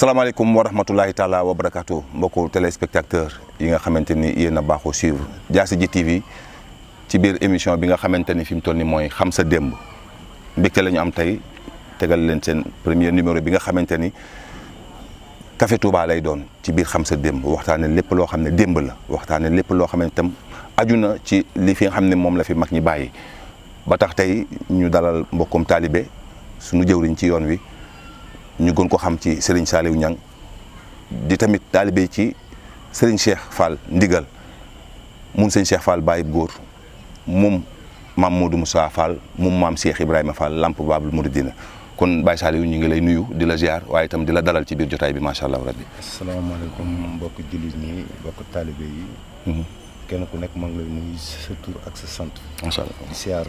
Assalamualaikum warahmatullahi taala wabarakatuh. barakaatu mbokku téléspectateur yi nga xamanteni ni yéen suivre jassi Ji TV ci bir émission bi nga xamanteni fim fi moy xam sa demb lañu am tay tegal leen sen premier numéro bi nga xamanteni Café Touba lay doon ci bir xam sa demb waxtane lépp lo xam demb la waxtane lépp lo xam tam aduna ci li fi nga mom la fi mag ñi bayyi ba tax tay ñu dalal mbokkum talibé suñu jëwriñ ci yoon wi ñu gën ko xam ci sëriñ Saliou Niang di tamit taalibe ci sëriñ Cheikh Fall ndigal mun sëñ Cheikh Fall bàyyib góor moom maam Modou saa Fall moom maam Cheikh Ibrahima Fall lamp Baabul Muridina kon Baye Saliou ñu ngi lay nuyu di la gear waaye itam di la dalal ci biir jotaay bi macha allah rabbi. asalaamaaleykum mbokk jullit ñi mbokk taalibe yi. Mm-hmm. kenn ku nek ma ngi lay nuyu sa tur ak sa sant. macha allah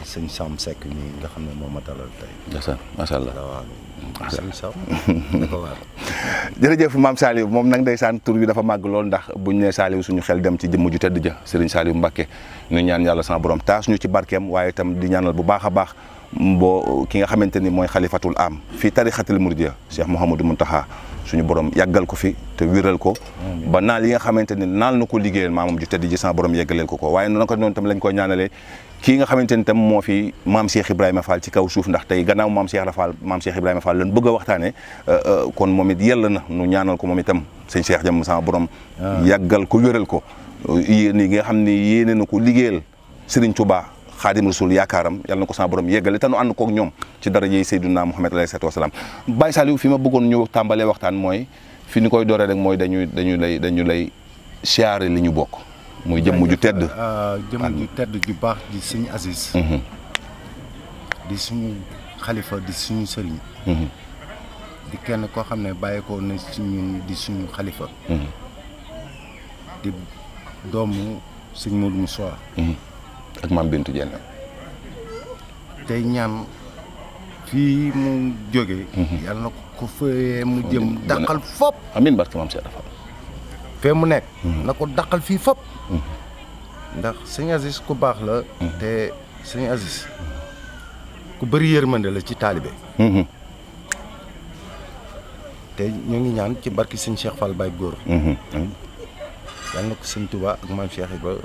di Sam sek ni, nga xamne ne moom a tay. tey. macha allah waaw waaw sëñ Sam jere jeuf mam saliw mom nak nag sante tour bi dafa mag lol ndax buñ ne saliw suñu xel dem ci jëm ju tedd ja Serigne saliw mbacke ñu ñaan yalla sama borom taas ñu ci barkem waye tam di ñaanal bu baaxa baax. bo ki nga xamanteni moy khalifatul am fi tarikhatul murdiya Cheikh mohammed Muntaha. suñu borom yàggal ko fi te wéral ko ba naal yi nga xamante ne naal na ko liggéeyal maamam ju tedd ji sama borom yeggaleel ko ko waaye noonu ko noonu tam lañ koy ñaanalee kii nga xamante ni tam moo fi maam Cheikh Ibrahima Fall ci kaw suuf ndax tey gannaaw maam Cheikh la Fall maam Cheikh Ibrahima Fall lan euh, euh, kon moom it yell na nu ñaanal ko moom itam sëñ Cheikh jëm sama borom ah. yàggal ko wéral ko euh, yéen yi xam ne yéene na ko liggéeyal Serigne Touba xaadim rasul yaakaaram yal na ko sama borom yeggale te nu ànd kook ñoom ci dara yi Seydunaa Muhammad alayhi salaatu wasalaam Baye Saliou fi ma bëggoon ñu tàmbalee waxtaan mooy fi ni koy dooree rek mooy dañuy dañu lay dañu lay siyaare li ñu bokk muy jëmm ju tedd euh, jëmm ju tedd ju baax di suñu Aziz mhm. di suñu xalifa di suñu sëriñ mhm. di kenn koo xam ne bàyyi ko na ci ñun di suñu xalifa mhm. di doomu sëñ Modou Moussa ak mam bintu jenn tay ñaan fi mu joggé mhm. yalla na ko fee mu jëm dakal fop amin barke mam cheikh dafa fe mu nek mhm. na ko dàqal fii fop mhm. ndax seigne Aziz ku bax la té seigne Aziz ku bari yermande la ci talibé té ñu ngi ñaan ci barki seigne Cheikh Fall Baye gor yalla na ko sëñ Touba ak mam Cheikh Ibrahima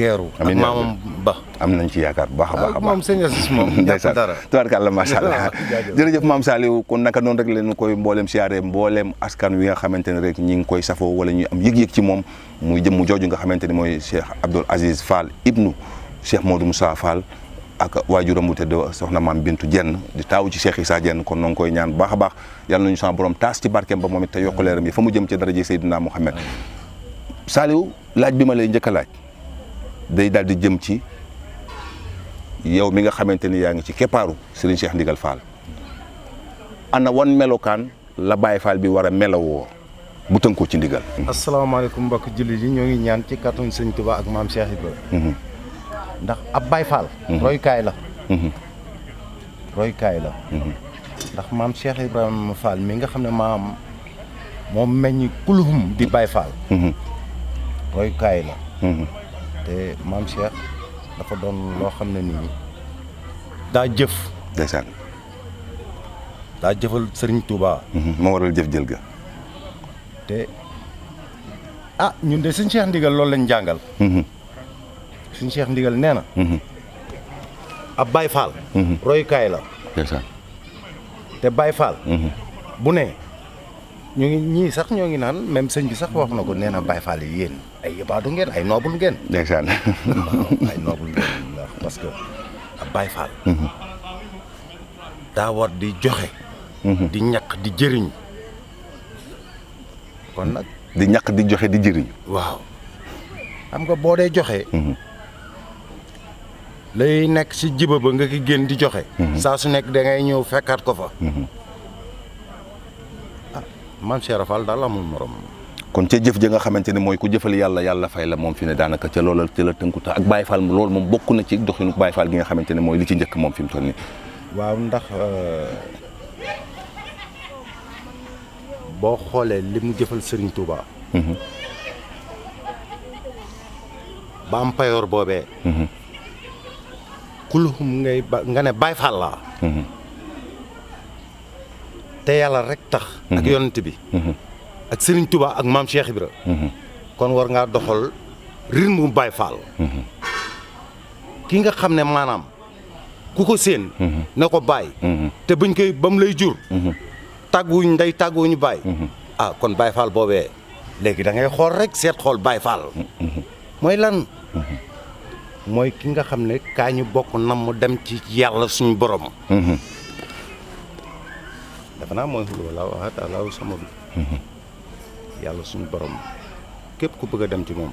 teeru ak maamam ba am nañ ci yaakaar bu baax a baax a baax moom sëñ Asis moom ndeysaan tubaarkàlla macha allah jërëjëf maam Saliou kon naka noonu rek leen koy mbooleem siyaare mbooleem askan wi nga xamante ne rek ñi ngi koy safoo wala ñu am yëg-yëg ci moom muy jëmm jooju nga xamante ne mooy Cheikh Abdoul Aziz Fall ibnu Cheikh Modou Moussa faal ak waajuram bu tedd soxna maam Bintu Jenn di taawu ci Cheikh Issa Jenn kon noo ngi koy ñaan baax a baax yal nañu sama borom taas ci barkeem ba moom it te yokk leeram yi fa mu jëm ci daraje Seydina Mouhamed Saliou laaj bi ma lay njëkk laaj day daal di jëm ci yow mi nga xamante ni yaa ngi ci keppaaru Serigne Cheikh Ndigal Fall ana wan melokaan la Baye Fall bi war a melowoo bu ci ndigal. asalaamaaleykum mbokk jullit yi ñoo ngi ñaan ci kàttanu Serigne Touba ak maam seex Ibrahima. ndax ab Baye Fall. Mhm. roykaay la. Mhm. roykaay la. Mhm. ndax maam Cheikh Ibrahima Fall mi nga xam ne maam moom meññ kuluhum di Baye Fall. roykaay la. te maam Cheikh dafa doon loo xam ne nii daa jëf. ndeysaan. daa jëfal Serigne Touba. Mhm, moo waral jëf jël ga. te a ah, ñu de suñu Cheikh Ndigal loolu lañ jàngal. Mhm. suñu Cheikh Ndigal nee na. Mhm. ab Baye royukaay la. ndeysaan. te Baye Fall. bu ne. ñu ngi ñii sax ñoo ngi naan même sëñ bi sax wax na ko neen a Baye Fall yéen ay yëbaatu ngeen ay noobul ngeen. ndeysaan ay noobul que ab Baye mhm. di joxe. Mhm. di ñaq di jëriñ. kon nag di ñaq di joxe di jëriñ. waaw nga boo dee joxe. Mhm. nekk ci jiba ba nga génn di joxe. saa su nekk da ngay ñëw fekkaat ko fa. maam Cheikh Fall daal amul morom. kon ca jëf ja nga xamante ne mooy ku jëfal yàlla yàlla fay la moom fi ne daanaka ca loola ca la tënku ta ak Baye Fall loolu moom bokk na ci doxinu Baye Fall gi nga xamante ne mooy li ci njëkk moom fi mu toll nii. waaw euh, xoolee li jëfal Serigne Touba. Mhm. ba am payoor boobee. Mhm. kulhum ngay ba nga ne Baye Fall laa. Mhm. te yàlla rek tax. ak mhm. yonent bi. Mhm. ak Serigne tubaa ak maam Cheikh Ibra mhm. kon war ngaa doxal rythme mu Baye Fall. ki nga xam ne maanaam ku ko séen. na ko bàyyi. te buñ koy ba mu lay jur. tàgguwuñ ndey tàgguwuñu bàyyi. ah kon Baye Fall boobee léegi da ngay xool rek seet xool baay Fall. mooy lan. mooy ki nga xam ne kaa ñu bokk nam mu dem ci yàlla suñu borom. defe naa mooy wala waxat allahu samadu yàlla suñu borom képp ku bëgg a dem ci moom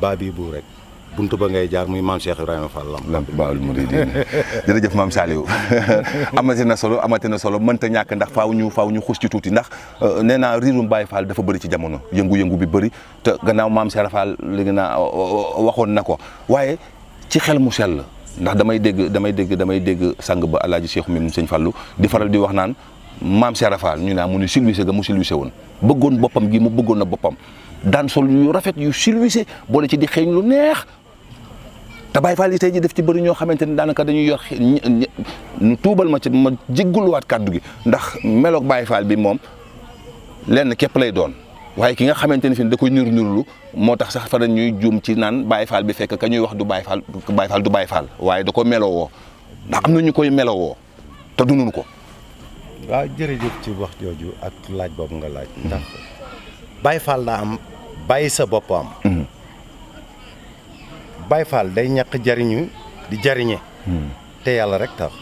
baa bii bu rek bunt ba ngay jaar muy maam Cheikh Ibrahima Fall lamp baawul muridin jërëjëf maam Saliou amati na solo amati na solo mënta ñàkk ndax faaw ñu faaw ñu xus ci tuuti ndax euh, nee naa riirum Baye Fall dafa bëri ci jamono yëngu-yëngu bi bari te gannaaw maam Cheikh Fall léegi naa waxoon na ko waaye ci xel mu sell ndax damay dégg damay dégg damay dégg sang ba alaaji Seexu mi sëñ Fallou di faral di wax naan maam Seera Fall ñu naan mu ni silwise ga mu silwise woon bëggoon boppam gi mu bëggoon na boppam daan sol yu rafet yu silwise boole ci di xeeñ lu neex te Baay Faal yi tey ji def ci bëri ñoo xamante ni daanaka dañuy yor ñu tuubal ma ci ma jégguluwaat kàddu gi ndax meloog Baay Faal bi moom lenn képp lay doon waaye ki nga xamante ne fii da koy niru nirulu moo tax sax fana ñuy juum ci naan Baye faal bi fekk ka ñuy wax du Baye Fall Baye du Baye faal waaye da ko melowoo ndax am na ñu koy melowoo te dunuñu ko. waaw jërëjëf ci wax jooju ak laaj boobu nga laaj. Mm-hmm. ndax Baye Fall daa am bàyyi sa bopp am. Mm-hmm. Baye day ñàkk jariñu di jariñe mm-hmm. te yàlla rek tax.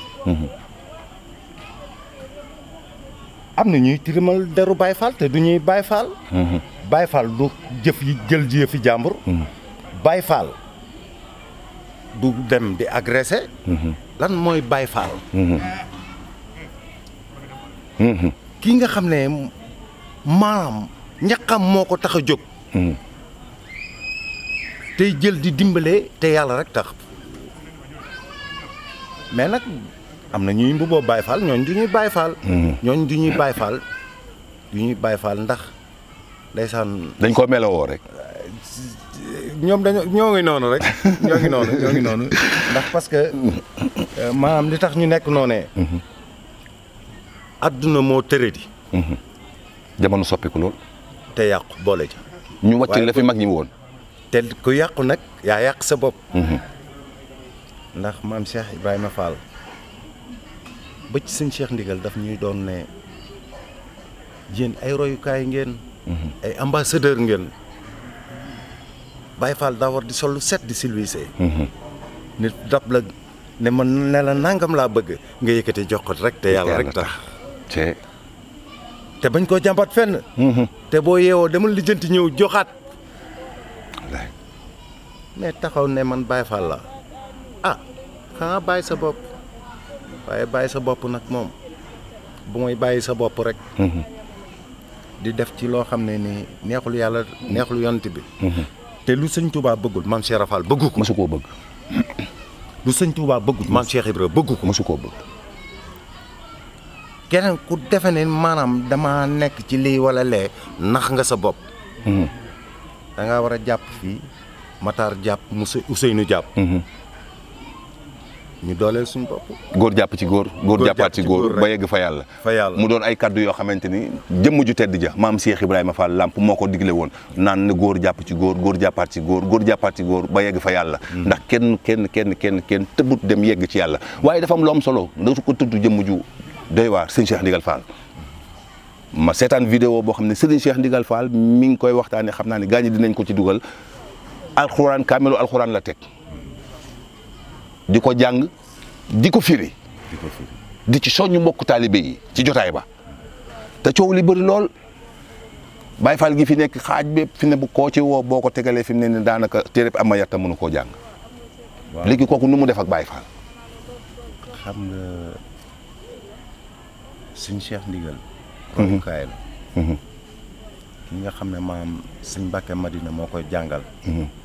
am na ñuy tilimal deru Baye Fall te du ñuy Baye Fall. Mhm. Baye Fall du jëf jël ji fi jàmbur. Mhm. Baye Fall du dem di agressé. Mhm. lan mooy Baye Fall. kii nga xam ne maam ñaqam moo ko tax a jóg. tey jël di dimbale te yàlla rek tax mais nag. am na ñuy mbuboo Baye Fall ñooñ du ñuy Baye Fall. Mm. ñooñ du ñuy Baye Fall du ñuy Baye Fall ndax ndeysaan. dañ koo melowoo rek. ñoom dañoo ñoo ngi noonu rek ñoo ndax parce que euh, maanaam li tax ñu nekk noonee. àdduna mm-hmm. moo tëradi. Mm-hmm. jamono soppiku lool. te yàqu boole ja. ñu wàcc la fi mag ñi woon. te ku yàqu nag yaa yàq sa bopp. Mm-hmm. ndax maam Cheikh Ibrahima Fall. ba ci sëñ Cheikh Ndigal daf ñuy doon ne yéen ay royukaay ngeen. Mhm. ay ambassadeur ngeen. Baye Fall daa war di sol lu set di silvissé. Mhm. nit dab la ne man ne la nangam laa bëgg nga yëkkati jox ko rek te yàlla rek tax te. bañ koo jàmbat fenn. Mhm. te boo yeewoo demal lijjanti ñëw joxaat. mais taxaw ne man Baye la ah xanaa bàyyi sa bopp. waaye bàyyi sa bopp nag moom bu muy bàyyi sa bopp rek. Mhm. di def ci loo xam ne ni neexul yàlla neexul yont bi. Mhm. te lu sëñ Touba bëggul maam Cheikh Rafal bëggu ko. mosu koo bëgg. lu sëñ Touba bëggul maam Cheikh bëggu ko. mosu koo bëgg. keneen ku defe ne maanaam dama nekk ci lii wala lee nax nga sa bopp. Mhm. danga war a jàpp fii Matar jàpp Ousseynou jàpp. ñu dooleel suñu góor jàpp ci góor góor jàppaat ci góor ba yegg fa yàlla. fa mu doon ay kàddu yoo xamante ni jëmm ju tedd ja maam Cheikh Ibrahima Fall làmp moo ko digle woon naan ne góor jàpp ci góor góor jàppaat ci góor góor jàppaat góor ba yegg fa yàlla. Hmm. ndax kenn kenn kenn kenn kenn tëbut dem yegg ci yàlla waaye defam am lu am solo da ko tudd jëmm ju doy waar sëñ Cheikh Ndigal Fall. ma seetaan vidéo boo xam ne Serigne Cheikh Ndigal Fall mi ngi koy waxtaanee xam naa ne gaañ dinañ ko ci dugal alxuraan kaamelu alxuraan la teg di ko jàng di ko firi di ci soññ mbokk taalibe yi ci jotaay ba te coow li bëri lool Baay Faal gi fi nekk xaaj bépp fi ne bu koo ci woo boo ko tegalee fi mu ne ni daanaka téereb am ma yatta mënu koo jàng léegi kooku nu mu def ak Baay Faal xam nga Cheikh Ndigal mhm. royukaay mhm. ki nga xam ne maam suñ Mbàkke Madina moo koy jàngal mhm.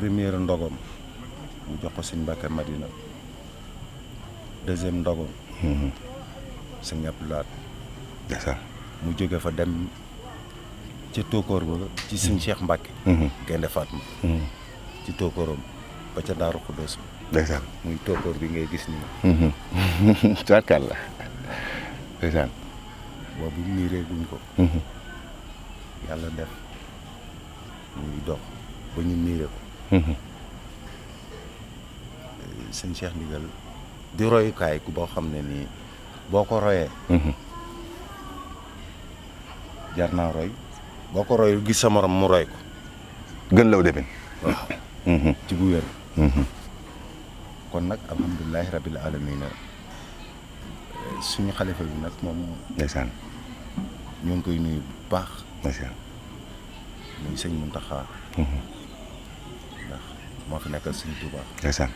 première ndogom mu jox ko sëñ Mbàkke Madina deuxième ndogom mhm. sëñ Abdou Lahad mu jóge fa dem ca tóokóor ba ci sëñ mhm. Cheikh Mbàkke mhm. Gaynde Fatma ci tóokóoram ba ca Daaru bi ngay gis nii tubaarkaal la boobu miiree guñ ko yàlla def muy dox ba ñu ko sëñ Cheikh Ndigal di royukaay ku boo xam ne nii boo ko royee mhm. jar naa roy boo ko royul gis sa moroom mu roy ko gën law demin waaw mhm. ci bu wér mhm. kon nag alhamdulilahi rabil alamina suñu xalifa bi nag moom ñoo ngi koy nuyu bu baax ndeysaan muy sëñ Muntaxa moo fi nekkal Sëñ Touba. ndeysaan.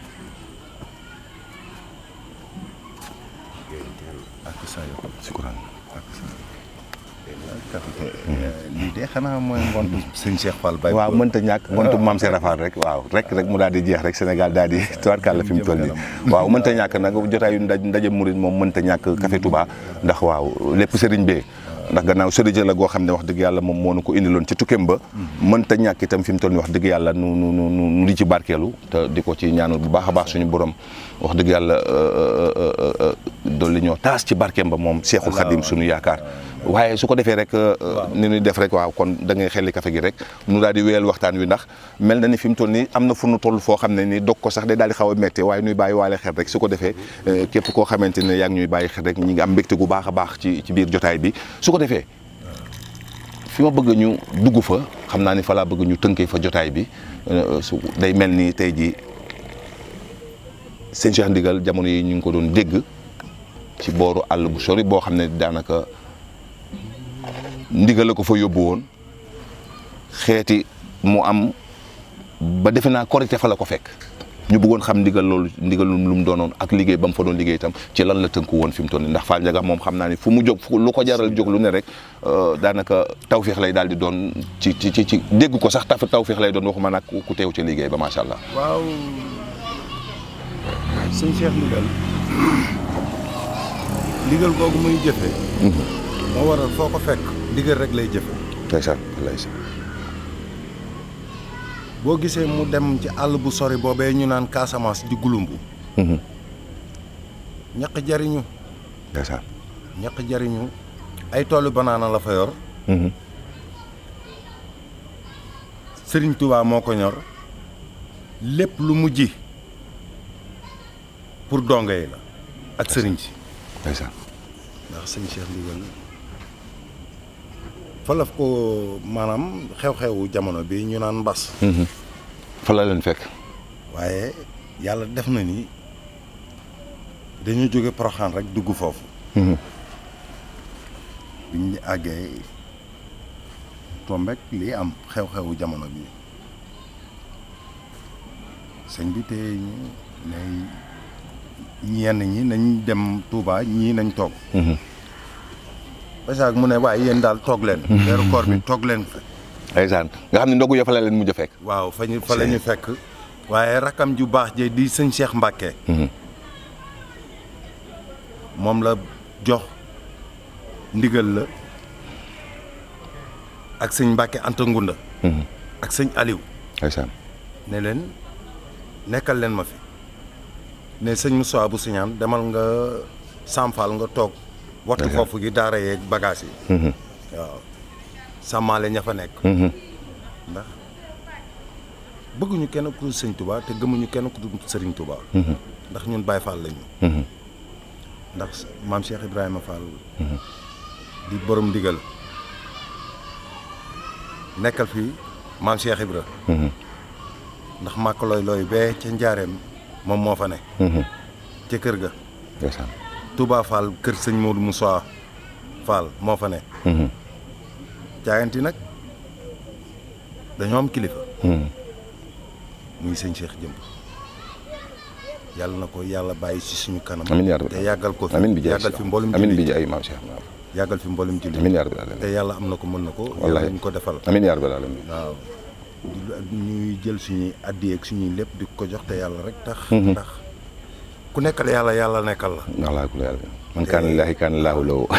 ak saa yoo xam. sukuraan ak saa eh, mm. eh, lii mm. waaw mënta ñàkk ngontu maam Cheikh Rafal rek waaw rek rek mu daal di jeex rek Sénégal daal di tubaarkàlla fi mu toll nii. waaw mënta ñàkk nag jotaayu ndaje murit moom mënta ñàkk Café Touba mm. ndax waaw lépp sëriñ bee. ndax gannaaw chérigé la goo xam ne wax dëgg yàlla moom moo nu ko indiloon ci tukkeem ba mënta ñàkk itam fi mu toll wax dëgg yàlla nu nu nu nu di ci barkeelu te di ko ci ñaanu bu baax a baax suñu borom wax dëgg yàlla euh, euh, euh, dool li ñoo taas ci barkeem ba moom seexul xadim suñu yaakaar waaye su ko defee rek ni ñuy def rek waaw kon da ngay xelli café gi rek nu daal di wéyal waxtaan wi ndax mel na ni fi mu toll ni am na fu nu toll foo xam ne ni dog ko sax day daal di xaw a métti waaye ñuy bàyyi waale xel rek su ko defee képp koo xamante ne yaa ngi ñuy bàyyi xel rek ñi ngi am mbégte gu baax a baax ci ci biir jotaay bi su ko defee fi ma bëgg ñu dugg fa xam naa ni fa laa bëgg ñu tënkee fa jotaay bi su day mel ni tey jii sëñ Cheikh Ndigal jamono yi ñu ngi ko doon dégg ci booru àll bu sori boo xam ne daanaka ndigal la ko fa yóbbu woon xeeti mu am ba defe naa korite fa la ko fekk ñu bëggoon xam ndigal loolu ndigal lu mu doonoon ak liggéey ba mu fa doon liggéey itam ci lan la tënku woon fi mu toll nii ndax Fall Ndiaga moom xam naa ni fu mu jóg lu ko jaral jóg lu ne rek euh, daanaka tawféex lay daal di doon ci ci ci dégg ko sax taf tawféex lay doon waxuma nag ku teew ca liggéey ba macha allah. waaw ndigal ndigal muy jëfee. Mhm. moo waral foo ko fekk. ndigal rek lay jëfe ndeysaan boo gisee mu dem ci àll bu sori boobee ñu naan Casamance di gulumbu mhm. ñaq jariñu ndeysaan ñaq jariñu ay toolu banaana la fa mhm. Sëriñ Tuubaa moo ko ñor lépp lu mujj pour dongo yi la ak sëriñ si ndeysaan fa la ko maanaam xew-xewu jamono bi ñu naan mbas. Mhm. fa la leen fekk. waaye yàlla def na ni dañu jóge Poroxaan rek dugg foofu. Mhm. bi ñu àggee tombek lii am xew-xewu jamono bi sëñ bi te ñu ne ñi nañ dem tuubaa ñii nañ toog. Mhm. Basak mu ne waaye yéen daal toog leen. Mhm. weeru koor bi toog leen fa. ndeysaan nga xam ne ndogu ya fa la leen mujj a fekk. waaw fa ñu fa la ñu fekk. waaye rakkam ju baax je di sëñ Cheikh Mbacke. Mhm. moom la jox ndigal la ak sëñ Mbacke Anta Ngunda. Mhm. ak sëñ Aliou. ndeysaan ne leen nekkal leen ma fi ne sëñ Moussa bu Siñaan demal nga Samfal nga toog. waxtu foofu gi daara yeeg bagage yi mhm. waaw sàmmaale ña fa nekk mhm. ndax bëgguñu kenn ku dul sëñ Touba te gëmuñu kenn ku dul sëriñ Touba mhm. ndax ñun Baye Fall lañu ndax maam Cheikh Ibrahima Fall di borom ndigal nekkal fii maam Cheikh Ibra ndax màkk looy looy bee ca njaareem moom moo fa nekk ca kër ga Touba Fall kër sëñ Modou Moussa Fall moo fa ne. Mhm. jaayanti nag dañoo am kilifa. Mhm. muy sëñ Cheikh Jëmb. yàlla na ko yàlla bàyyi si suñu kanam. te yàggal ko fi yàggal fi mboolum jullit amiin bi jaay maam Cheikh yàggal fi mboolum jullit amiin yaa rabbal aalamiin yàlla am na ko mën na ko. wallaahi ñu ko defal amiin yaa rabbal aalamiin waaw ñuy jël suñuy addi ak suñuy lépp di ko jox te yàlla rek tax. tax. Mhm. ku nekkal yàlla yàlla nekkal la. wallaahi ku nekkal man kaan lillaahi kaan lillaahu lahu. Ah,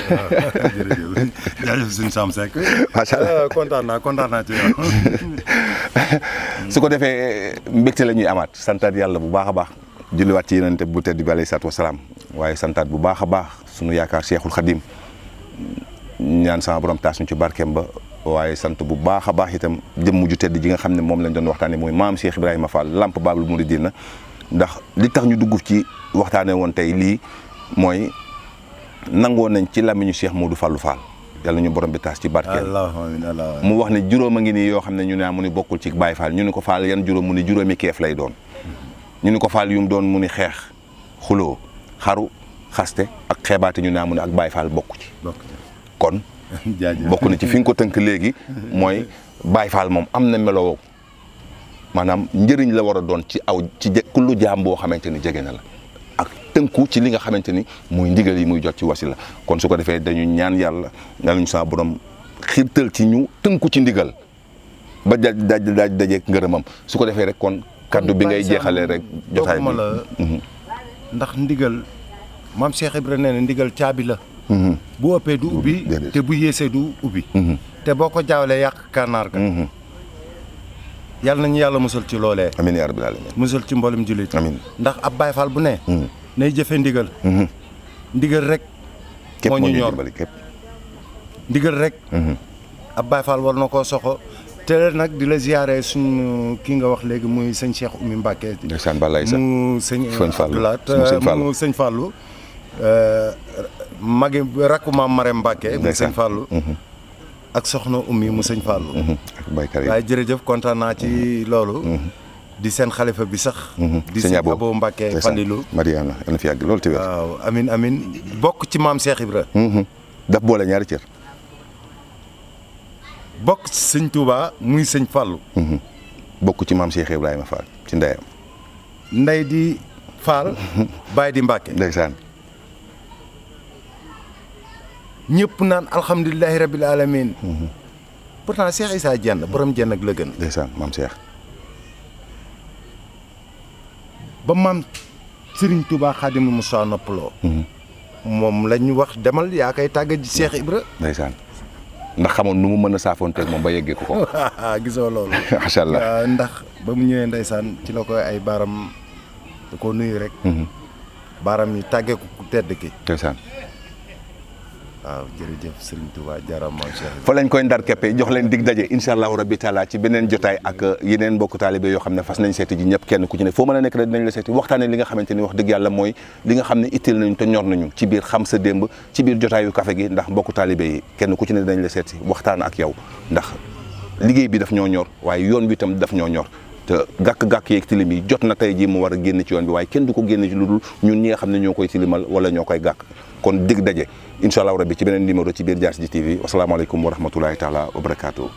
jërëjëf jaajëf macha allah ah, kontaan naa kontaan su ko defee mbégte la ñuy amaat santaat yàlla bu baax a baax. julliwaat ci yonent bu tedd bi alayhi salaatu wasalaam waaye santaat bu baax a baax sunu yaakaar Cheikhul Khadim ñaan sama borom taas ñu ci barkeem ba. waaye sant bu baax a baax itam jëmm ju tedd ji nga xam ne moom lañ doon waxtaanee mooy maam Cheikh Ibrahima Fall lamp Baabul Muridiina ndax li tax ñu dugg ci waxtaanee woon tey lii mooy nangoon nañ ci làmmiñu Cheikh Modou Fallou Fall yàlla ñu borom bi taas ci barkeel mu wax ne juróom a ngi nii yoo xam ne ñu ne ah mu ni bokkul ci Baye Fall ñu ne ko Fall yan juróom mu ni juróomi keef lay doon ñu ni ko Fall yu mu doon mu ni xeex xuloo xaru xaste ak xeebaate ñu ne ah mu ne ak Baye Fall bokk ci kon bokk na ci fi nga ko tënk léegi mooy Baye Fall moom am na meloo manam njëriñ la wara doon ci aw ci kullu jaam bo xamanteni ni la ak tënku ci li nga xamanteni muy ndigal yi muy jot ci wasila kon suko defé dañu ñaan yalla yàlla ñu saa borom xirtal ci ñu tënku ci ndigal ba daj daj daj dajé rek kon kaddu bi ngay jéxalé rek jotay bi mhm. ndax ndigal mam cheikh ibrahim nee ndigal tiabi la mhm. bu opé du ubi té bu yéssé du ubi mhm. té boko ko yak kanar ga yàlla nañu yàlla musal ci loolee. amiin yaa rabbil aalamiin. musal ci mboolem jullit. amiin ndax ab Baay Faal bu ne. Hmm. nay jëfe ndigal. Hmm. ndigal rek. moo ñu ñor ndigal rek. Hmm. ab Baay Faal war na ko soxo te nag di la ziare suñu kii nga wax léegi muy sëñ Cheikh Oumy Mbacké. ndeysaan Balaye sax mu sëñ. Abdoulaye sëñ Fallou. Euh, magi rakku maam Marème Mbacké. mu sëñ Fallou. ak soxna ummi mu sëñ Fallou mm-hmm. waaye jërëjëf kontaan naa ci mm-hmm. loolu mm-hmm. di seen xalifa bi sax di sëñ Abo Mbàkke Falilu Mariama yal fi yàgg loolu te wér amin amin bokk ci maam Cheikh rek daf boole ñaari cër bokk ci sëñ Touba muy sëñ Fallou bokk ci maam Cheikh Ibrahima Fall ci ndeyam ndey di Fall baay di Mbàkke ndeysaan ñepp naan alhamdulilahi rabbil alamin pourtant Cheikh isa Diène borom Diène ak la gën mam Cheikh ba mam Serigne Touba khadim Musaa noplo mom mhm. lañ wax demal ya kay tagge ci Cheikh Ibra ndeysaan ndax xamone numu meuna safonté mom ba yeggé ko ko gisoo lool machallah ndax ba mu ñëwee ci la koy ay baram da ko nuyu rek mhm. baram yi tagge ko tedd ki ndeysaan waaw jërëjëf Serigne Touba jaram maam Cheikh fa lañ koy ndar keppe jox leen dig daje incha allahu rabbi taala ci beneen jotaay ak yeneen mbokku taalibe yoo xam ne fas nañ seeti ji ñëpp kenn ku ci ne foo mën a nekk rek dinañ la seeti waxtaane li nga xamante ni wax dëgg yàlla mooy li nga xam ne itteel nañu te ñor nañu ci biir xam sa démb ci biir jotaayu café gi ndax mbokku taalibe yi kenn ku ci ne dinañ la seeti waxtaan ak yow ndax liggéey bi daf ñoo ñor waaye yoon bi itam daf ñoo ñor te gàkk-gàkk yeeg tilim yi jot na tey jii mu war a génn ci yoon bi waaye kenn du ko génn ci lu dul ñun ñi nga xam ne ñoo koy tilimal wala ñoo koy gàkk kon dig daje incha allah rabbi ci beneen numéro ci biir Diassigui TV wasalaamaaleykum wa rahmatulahi taala wa barakaatu.